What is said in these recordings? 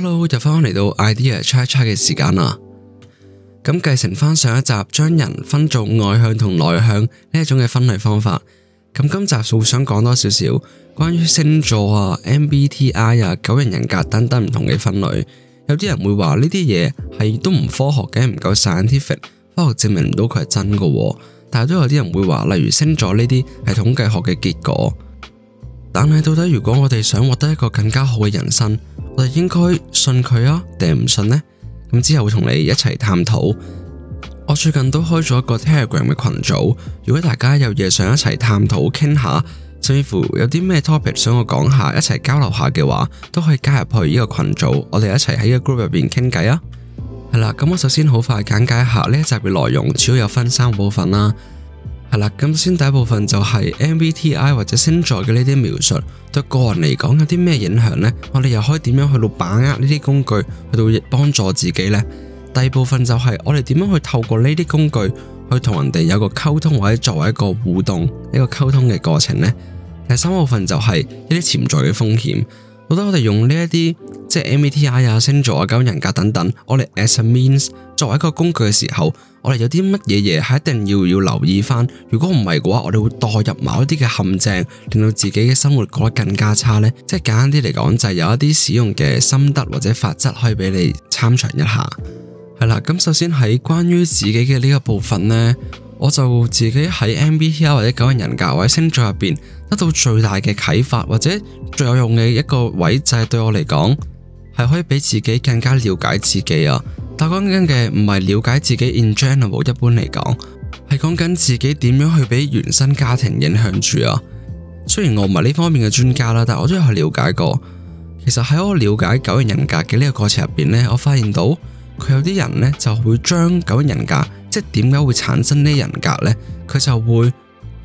hello，又翻返嚟到 idea try 一 try 嘅時間啦。咁繼承翻上，上一集將人分做外向同內向呢一種嘅分類方法。咁今集好想講多少少關於星座啊、MBTI 啊、九型人，人格等等唔同嘅分類。有啲人會話呢啲嘢係都唔科學嘅，唔夠 scientific，科學證明唔到佢係真噶。但係都有啲人會話，例如星座呢啲係統計學嘅結果。但係到底如果我哋想獲得一個更加好嘅人生，我哋應該信佢啊，定係唔信呢？咁之後會同你一齊探討。我最近都開咗一個 Telegram 嘅群組，如果大家有嘢想一齊探討、傾下，甚至乎有啲咩 topic 想我講下、一齊交流下嘅話，都可以加入去呢個群組，我哋一齊喺呢個 group 入邊傾偈啊。係啦，咁我首先好快簡介一下呢一集嘅內容，主要有分三個部分啦。係啦，咁先第一部分就係 MBTI 或者星座嘅呢啲描述，對個人嚟講有啲咩影響呢？我哋又可以點樣去到把握呢啲工具去到幫助自己呢？第二部分就係我哋點樣去透過呢啲工具去同人哋有個溝通或者作為一個互動一個溝通嘅過程呢？第三部分就係一啲潛在嘅風險。我覺得我哋用呢一啲即係 MBTI 啊、星座啊、九人格等等，我哋 as a means 作為一個工具嘅時候。我哋有啲乜嘢嘢係一定要要留意返？如果唔係嘅話，我哋會墮入某一啲嘅陷阱，令到自己嘅生活過得更加差呢。即係簡單啲嚟講，就係、是、有一啲使用嘅心得或者法則，可以俾你參詳一下。係啦，咁首先喺關於自己嘅呢個部分呢，我就自己喺 MBTI 或者九型人，人格或者星座入邊得到最大嘅啟發，或者最有用嘅一個位，就係對我嚟講係可以俾自己更加了解自己啊。但我講緊嘅唔係了解自己 in general，一般嚟講係講緊自己點樣去俾原生家庭影響住啊。雖然我唔係呢方面嘅專家啦，但係我都有去了解過。其實喺我了解九型人格嘅呢個過程入邊呢，我發現到佢有啲人呢就會將九型人格，即係點解會產生呢啲人格呢——佢就會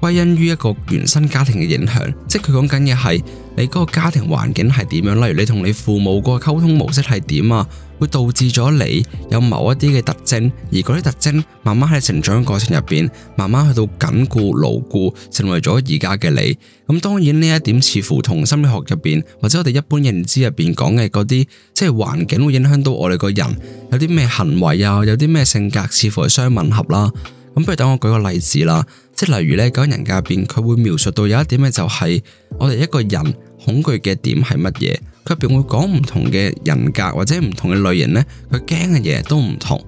歸因於一個原生家庭嘅影響。即係佢講緊嘅係你嗰個家庭環境係點樣，例如你同你父母嗰個溝通模式係點啊。會導致咗你有某一啲嘅特徵，而嗰啲特徵慢慢喺你成長過程入邊，慢慢去到緊固牢固，成為咗而家嘅你。咁當然呢一點似乎同心理學入邊或者我哋一般認知入邊講嘅嗰啲，即係環境會影響到我哋個人有啲咩行為啊，有啲咩性格，似乎係相吻合啦。咁不如等我舉個例子啦，即係例如呢九型人格入邊，佢會描述到有一點咧，就係我哋一個人。恐懼嘅點係乜嘢？佢入邊會講唔同嘅人格或者唔同嘅類型呢，佢驚嘅嘢都唔同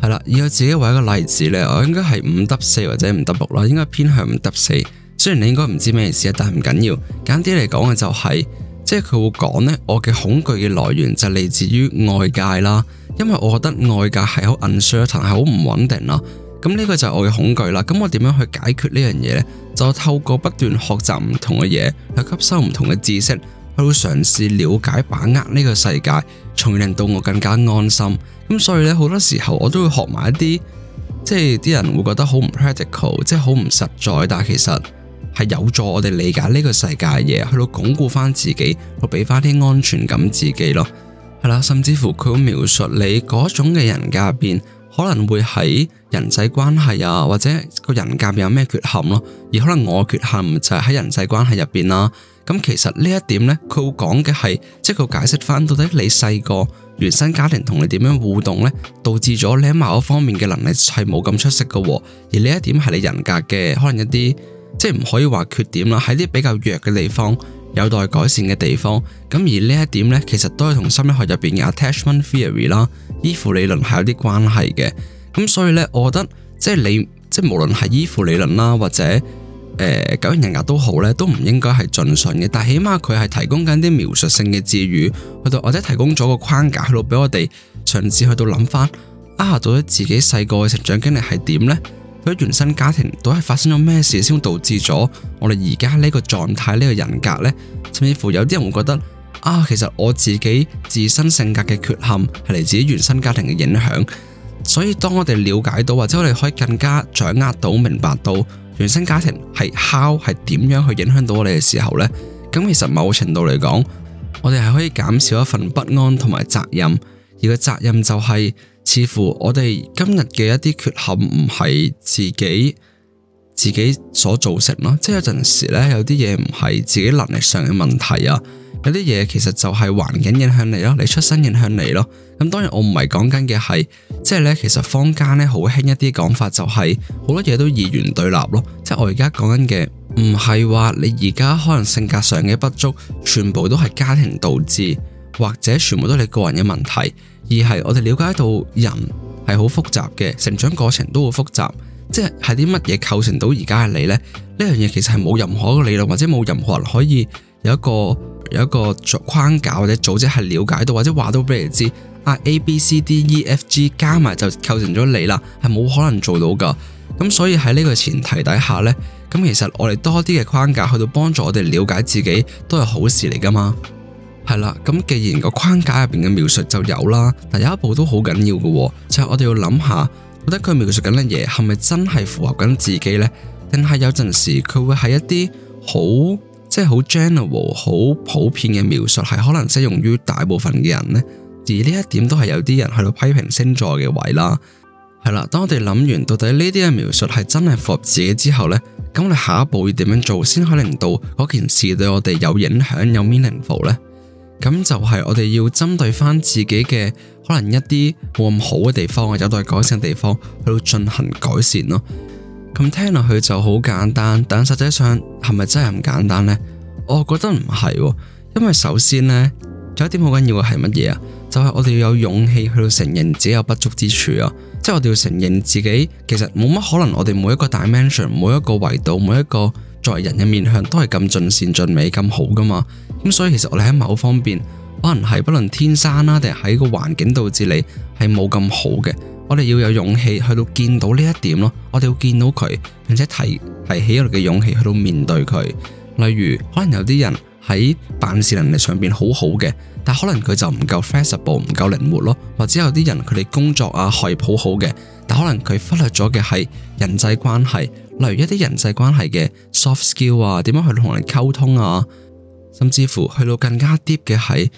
係啦。以我自己為一個例子，呢我應該係五得四或者五得六啦，應該偏向五得四。雖然你應該唔知咩意思，但唔緊要，要。簡單啲嚟講嘅就係、是，即係佢會講呢，我嘅恐懼嘅來源就嚟自於外界啦，因為我覺得外界係好 uncertain 係好唔穩定啦。咁呢個就係我嘅恐懼啦。咁我點樣去解決呢樣嘢呢？就透過不斷學習唔同嘅嘢，去吸收唔同嘅知識，去嘗試了解把握呢個世界，從而令到我更加安心。咁所以呢，好多時候我都會學埋一啲，即係啲人會覺得好唔 practical，即係好唔實在，但係其實係有助我哋理解呢個世界嘅嘢，去到鞏固翻自己，去俾翻啲安全感自己咯，係啦，甚至乎佢描述你嗰種嘅人格入邊，可能會喺。人際關係啊，或者個人格有咩缺陷咯，啊？而可能我缺陷就係喺人際關係入邊啦。咁其實呢一點呢，佢會講嘅係，即係佢解釋翻到底你細個原生家庭同你點樣互動呢，導致咗你某一方面嘅能力係冇咁出色噶，啊。而呢一點係你人格嘅可能一啲，即係唔可以話缺點啦，喺啲比較弱嘅地方，有待改善嘅地方。咁而呢一點呢，其實都係同心理學入邊嘅 Attachment Theory 啦，依附理論係有啲關係嘅。咁所以呢，我覺得即係你即係無論係依附理論啦，或者誒九型人格都好呢，都唔應該係盡信嘅。但係起碼佢係提供緊啲描述性嘅字語去到，或者提供咗個框架去到俾我哋嘗試去到諗翻啊，到底自己細個嘅成長經歷係點呢？到底原生家庭到底發生咗咩事先導致咗我哋而家呢個狀態、呢個人格呢？甚至乎有啲人會覺得啊，其實我自己自身性格嘅缺陷係嚟自於原生家庭嘅影響。所以當我哋了解到，或者我哋可以更加掌握到明白到原生家庭係 how 係點樣去影響到我哋嘅時候呢？咁其實某程度嚟講，我哋係可以減少一份不安同埋責任，而個責任就係似乎我哋今日嘅一啲缺陷唔係自己自己所造成咯。即係有陣時呢，有啲嘢唔係自己能力上嘅問題啊。有啲嘢其實就係環境影響你咯，你出身影響你咯。咁當然我唔係講緊嘅係，即係呢，其實坊間呢好興一啲講法就係好多嘢都二元對立咯。即係我而家講緊嘅唔係話你而家可能性格上嘅不足全部都係家庭導致，或者全部都係你個人嘅問題，而係我哋了解到人係好複雜嘅，成長過程都好複雜，即係係啲乜嘢構成到而家嘅你呢？呢樣嘢其實係冇任何一個理論或者冇任何人可以有一個。有一個框架或者組織係了解到，或者話到俾你知，啊 A B C D E F G 加埋就構成咗你啦，係冇可能做到噶。咁所以喺呢個前提底下呢，咁其實我哋多啲嘅框架去到幫助我哋了解自己，都係好事嚟噶嘛。係啦，咁既然個框架入邊嘅描述就有啦，但有一部都好緊要嘅，就係我哋要諗下，覺得佢描述緊嘅嘢係咪真係符合緊自己呢？定係有陣時佢會係一啲好。即係好 general、好普遍嘅描述，係可能適用於大部分嘅人呢。而呢一點都係有啲人喺度批評星座嘅位啦。係啦，當我哋諗完到底呢啲嘅描述係真係符合自己之後呢，咁我哋下一步要點樣做先可以令到嗰件事對我哋有影響、有 meaningful 呢？咁就係我哋要針對翻自己嘅可能一啲冇咁好嘅地方，有待改善嘅地方去到進行改善咯。咁聽落去就好簡單，但係實際上係咪真係咁簡單呢？我覺得唔係，因為首先呢，有一點好緊要嘅係乜嘢啊？就係、是、我哋要有勇氣去到承認自己有不足之處啊！即、就、係、是、我哋要承認自己其實冇乜可能，我哋每一個 dimension、每一個維度、每一個作為人嘅面向都係咁盡善盡美、咁好噶嘛？咁所以其實我哋喺某方面，可能係不論天生啦，定係喺個環境導致你係冇咁好嘅。我哋要有勇氣去到見到呢一點咯，我哋要見到佢，並且提提起我哋嘅勇氣去到面對佢。例如，可能有啲人喺辦事能力上邊好好嘅，但可能佢就唔夠 flexible，唔夠靈活咯。或者有啲人佢哋工作啊係好好嘅，但可能佢忽略咗嘅係人際關係，例如一啲人際關係嘅 soft skill 啊，點樣去同人溝通啊，甚至乎去到更加 deep 嘅係。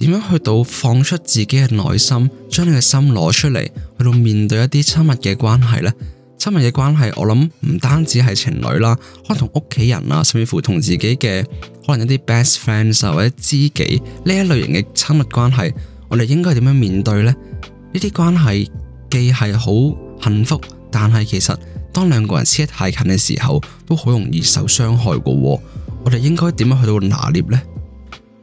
點樣去到放出自己嘅內心，將你嘅心攞出嚟，去到面對一啲親密嘅關係呢？親密嘅關係，我諗唔單止係情侶啦，可能同屋企人啊，甚至乎同自己嘅可能一啲 best friends 啊或者知己呢一類型嘅親密關係，我哋應該點樣面對呢？呢啲關係既係好幸福，但係其實當兩個人黐得太近嘅時候，都好容易受傷害噶。我哋應該點樣去到拿捏呢？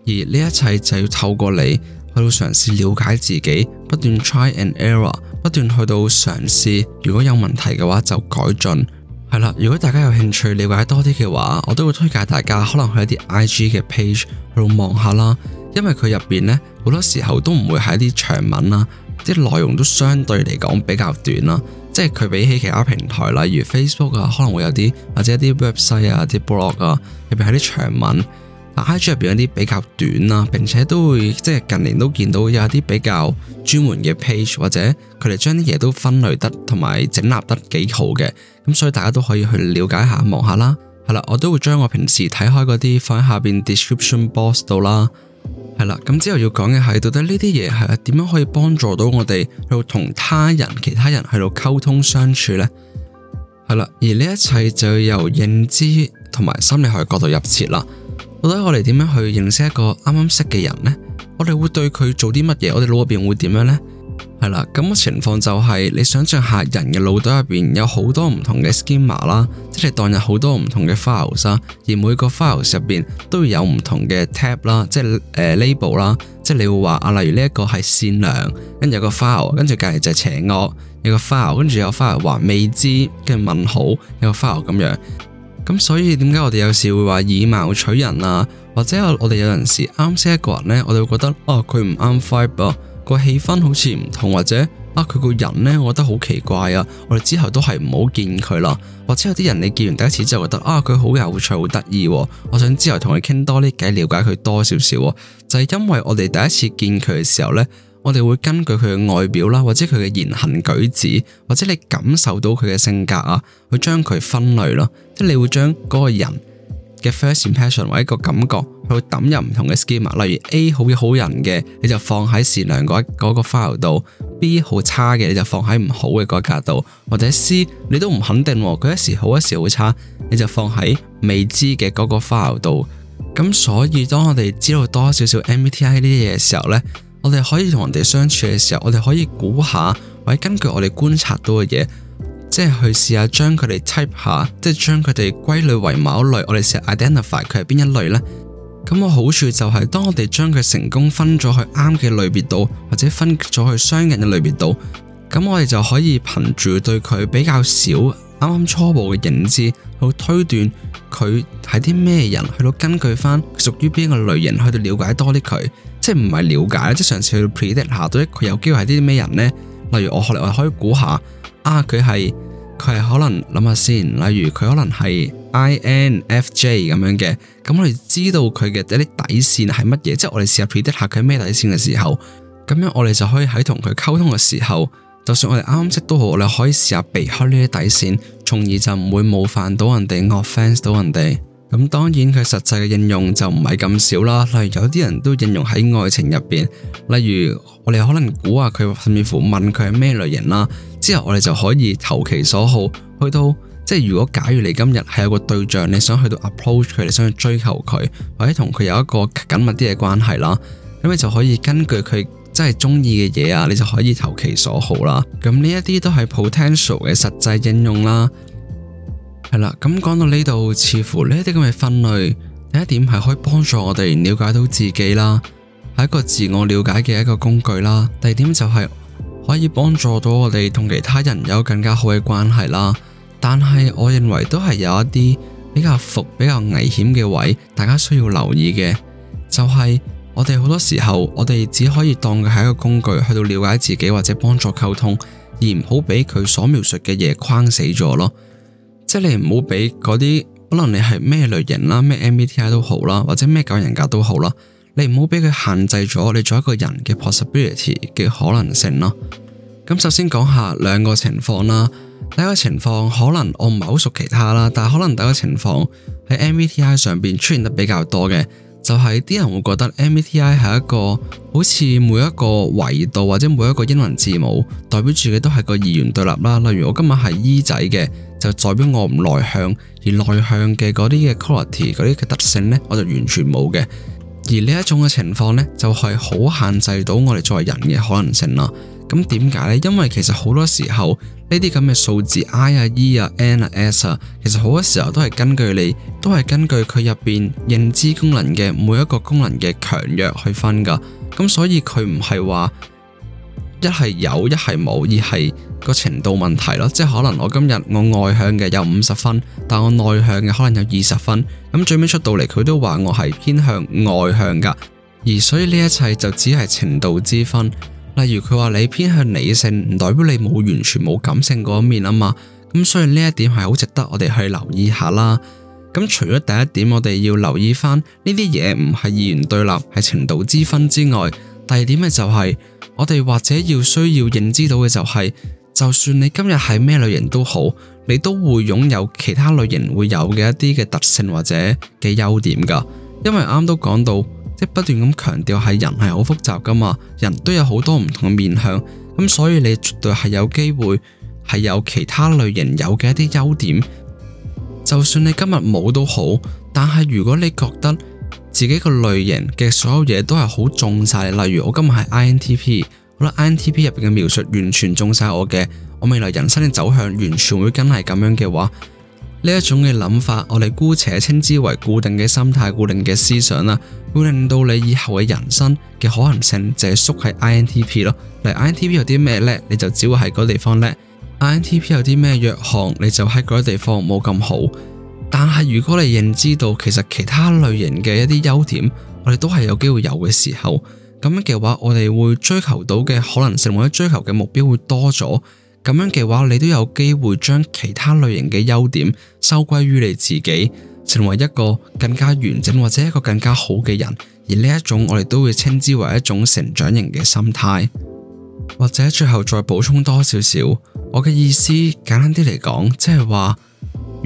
而呢一切就要透過你去到嘗試了解自己，不斷 try and error，不斷去到嘗試。如果有問題嘅話，就改進。係啦，如果大家有興趣了解多啲嘅話，我都會推介大家可能去一啲 IG 嘅 page 去到望下啦。因為佢入邊呢好多時候都唔會係一啲長文啦，啲內容都相對嚟講比較短啦。即係佢比起其他平台，例如 Facebook 啊，可能會有啲或者一啲 website 啊、啲 blog 啊，入邊係啲長文。IG 入邊嗰啲比較短啦，並且都會即係近年都見到有一啲比較專門嘅 page 或者佢哋將啲嘢都分類得同埋整合得幾好嘅，咁所以大家都可以去了解下、望下啦。係啦，我都會將我平時睇開嗰啲放喺下邊 description box 度啦。係啦，咁之後要講嘅係到底呢啲嘢係點樣可以幫助到我哋去到同他人、其他人去到溝通相處呢？係啦，而呢一切就由認知同埋心理學角度入設啦。到底我哋點樣去認識一個啱啱識嘅人呢？我哋會對佢做啲乜嘢？我哋腦入邊會點樣呢？係啦，咁嘅情況就係、是、你想象下，人嘅腦袋入邊有好多唔同嘅 schema 啦，即係當有好多唔同嘅 file 啦，而每個 file 入邊都有唔同嘅 tab 啦，即係誒 label 啦，即係你會話啊，例如呢一個係善良，跟住有個 file，跟住隔籬就係邪惡，有個 file，跟住有 file 話未知嘅問號，有個 file 咁樣。咁所以點解我哋有時會話以貌取人啊？或者我哋有陣時啱識一個人呢，我哋會覺得哦佢唔啱 fibre 個氣氛好似唔同，或者啊佢個人呢，我覺得好奇怪啊！我哋之後都係唔好見佢啦。或者有啲人你見完第一次之後覺得啊佢好有趣好得意，我想之後同佢傾多啲偈，了解佢多少少。就係因為我哋第一次見佢嘅時候呢。我哋會根據佢嘅外表啦，或者佢嘅言行舉止，或者你感受到佢嘅性格啊，去將佢分類咯。即係你會將嗰個人嘅 first impression 或者一個感覺，去抌入唔同嘅 schema。例如 A 好好人嘅，你就放喺善良嗰嗰個 file 度；B 好差嘅，你就放喺唔好嘅嗰格度；或者 C 你都唔肯定，佢一時好一時好差，你就放喺未知嘅嗰個 file 度。咁所以當我哋知道多少少 MBTI 呢啲嘢嘅時候呢。我哋可以同人哋相處嘅時候，我哋可以估下，或者根據我哋觀察到嘅嘢，即係去試下將佢哋 type 下，即係將佢哋歸類為某類。我哋成日 identify 佢係邊一類呢？咁個好處就係，當我哋將佢成功分咗去啱嘅類別度，或者分咗去相近嘅類別度，咁我哋就可以憑住對佢比較少啱啱初步嘅認知去推斷佢係啲咩人，去到根據翻屬於邊個類型，去到了解多啲佢。即係唔係了解咧？即係上次去 predict 下，到底佢有機會係啲咩人呢？例如我學嚟，我哋可以估下，啊佢係佢係可能諗下先，例如佢可能係 INFJ 咁樣嘅，咁我哋知道佢嘅一啲底線係乜嘢，即係我哋試下 predict 下佢係咩底線嘅時候，咁樣我哋就可以喺同佢溝通嘅時候，就算我哋啱啱識都好，我哋可以試下避開呢啲底線，從而就唔會冒犯到人哋，offense 到人哋。咁當然佢實際嘅應用就唔係咁少啦，例如有啲人都應用喺愛情入邊，例如我哋可能估下佢甚至乎問佢係咩類型啦，之後我哋就可以投其所好，去到即係如果假如你今日係有一個對象，你想去到 approach 佢，你想去追求佢，或者同佢有一個緊密啲嘅關係啦，咁你就可以根據佢真係中意嘅嘢啊，你就可以投其所好啦。咁呢一啲都係 potential 嘅實際應用啦。係啦，咁講到呢度，似乎呢啲咁嘅分類，第一點係可以幫助我哋了解到自己啦，係一個自我了解嘅一個工具啦。第二點就係可以幫助到我哋同其他人有更加好嘅關係啦。但係我認為都係有一啲比較伏、比較危險嘅位，大家需要留意嘅，就係我哋好多時候，我哋只可以當佢係一個工具，去到了解自己或者幫助溝通，而唔好俾佢所描述嘅嘢框死咗咯。即係你唔好俾嗰啲，可能你係咩類型啦，咩 MBTI 都好啦，或者咩九人格都好啦，你唔好俾佢限制咗你做一個人嘅 possibility 嘅可能性咯。咁首先講下兩個情況啦。第一個情況可能我唔係好熟其他啦，但係可能第一個情況喺 MBTI 上邊出現得比較多嘅，就係、是、啲人會覺得 MBTI 係一個好似每一個維度或者每一個英文字母代表住嘅都係個二元對立啦。例如我今日係 E 仔嘅。就代表我唔內向，而內向嘅嗰啲嘅 quality，嗰啲嘅特性呢，我就完全冇嘅。而呢一種嘅情況呢，就係好限制到我哋作為人嘅可能性啦。咁點解呢？因為其實好多時候呢啲咁嘅數字 I 啊、E 啊、N 啊、S 啊，其實好多時候都係根據你，都係根據佢入邊認知功能嘅每一個功能嘅強弱去分噶。咁所以佢唔係話一係有一係冇，而係。個程度問題咯，即係可能我今日我外向嘅有五十分，但我內向嘅可能有二十分，咁最尾出到嚟佢都話我係偏向外向噶，而所以呢一切就只係程度之分。例如佢話你偏向理性，唔代表你冇完全冇感性嗰一面啊嘛。咁所以呢一點係好值得我哋去留意下啦。咁除咗第一點我哋要留意翻呢啲嘢唔係二元對立，係程度之分之外，第二點嘅就係我哋或者要需要認知到嘅就係。就算你今日係咩類型都好，你都會擁有其他類型會有嘅一啲嘅特性或者嘅優點噶。因為啱都講到，即係不斷咁強調，係人係好複雜噶嘛，人都有好多唔同嘅面向，咁所以你絕對係有機會係有其他類型有嘅一啲優點。就算你今日冇都好，但係如果你覺得自己個類型嘅所有嘢都係好重晒，例如我今日係 INTP。好啦，INTP 入邊嘅描述完全中晒我嘅，我未來人生嘅走向完全會跟係咁樣嘅話，呢一種嘅諗法，我哋姑且稱之為固定嘅心態、固定嘅思想啦，會令到你以後嘅人生嘅可能性就係縮喺 INTP 咯。嚟 INTP 有啲咩叻，你就只會喺嗰個地方叻；INTP 有啲咩弱項，你就喺嗰個地方冇咁好。但係如果你認知到其實其他類型嘅一啲優點，我哋都係有機會有嘅時候。咁樣嘅話，我哋會追求到嘅可能性，或者追求嘅目標會多咗。咁樣嘅話，你都有機會將其他類型嘅優點收歸於你自己，成為一個更加完整或者一個更加好嘅人。而呢一種我哋都會稱之為一種成長型嘅心態。或者最後再補充多少少，我嘅意思簡單啲嚟講，即係話。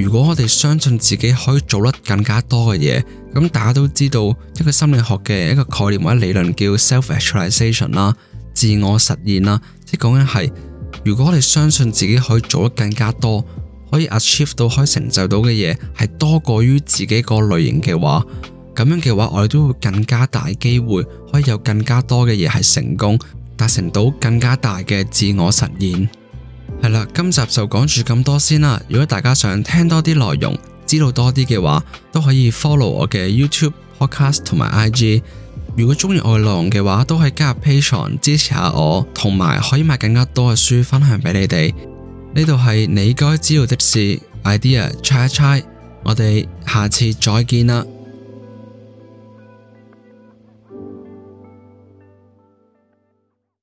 如果我哋相信自己可以做得更加多嘅嘢，咁大家都知道一個心理學嘅一個概念或者理論叫 self-actualization 啦，自我實現啦，即係講緊係，如果我哋相信自己可以做得更加多，可以 achieve 到可以成就到嘅嘢係多過於自己個類型嘅話，咁樣嘅話我哋都會更加大機會可以有更加多嘅嘢係成功達成到更加大嘅自我實現。係啦，今集就講住咁多先啦。如果大家想聽多啲內容，知道多啲嘅話，都可以 follow 我嘅 YouTube podcast 同埋 IG。如果中意我嘅內容嘅話，都可以加入 Patreon 支持下我，同埋可以買更加多嘅書分享俾你哋。呢度係你該知道的事，idea try1try，我哋下次再見啦。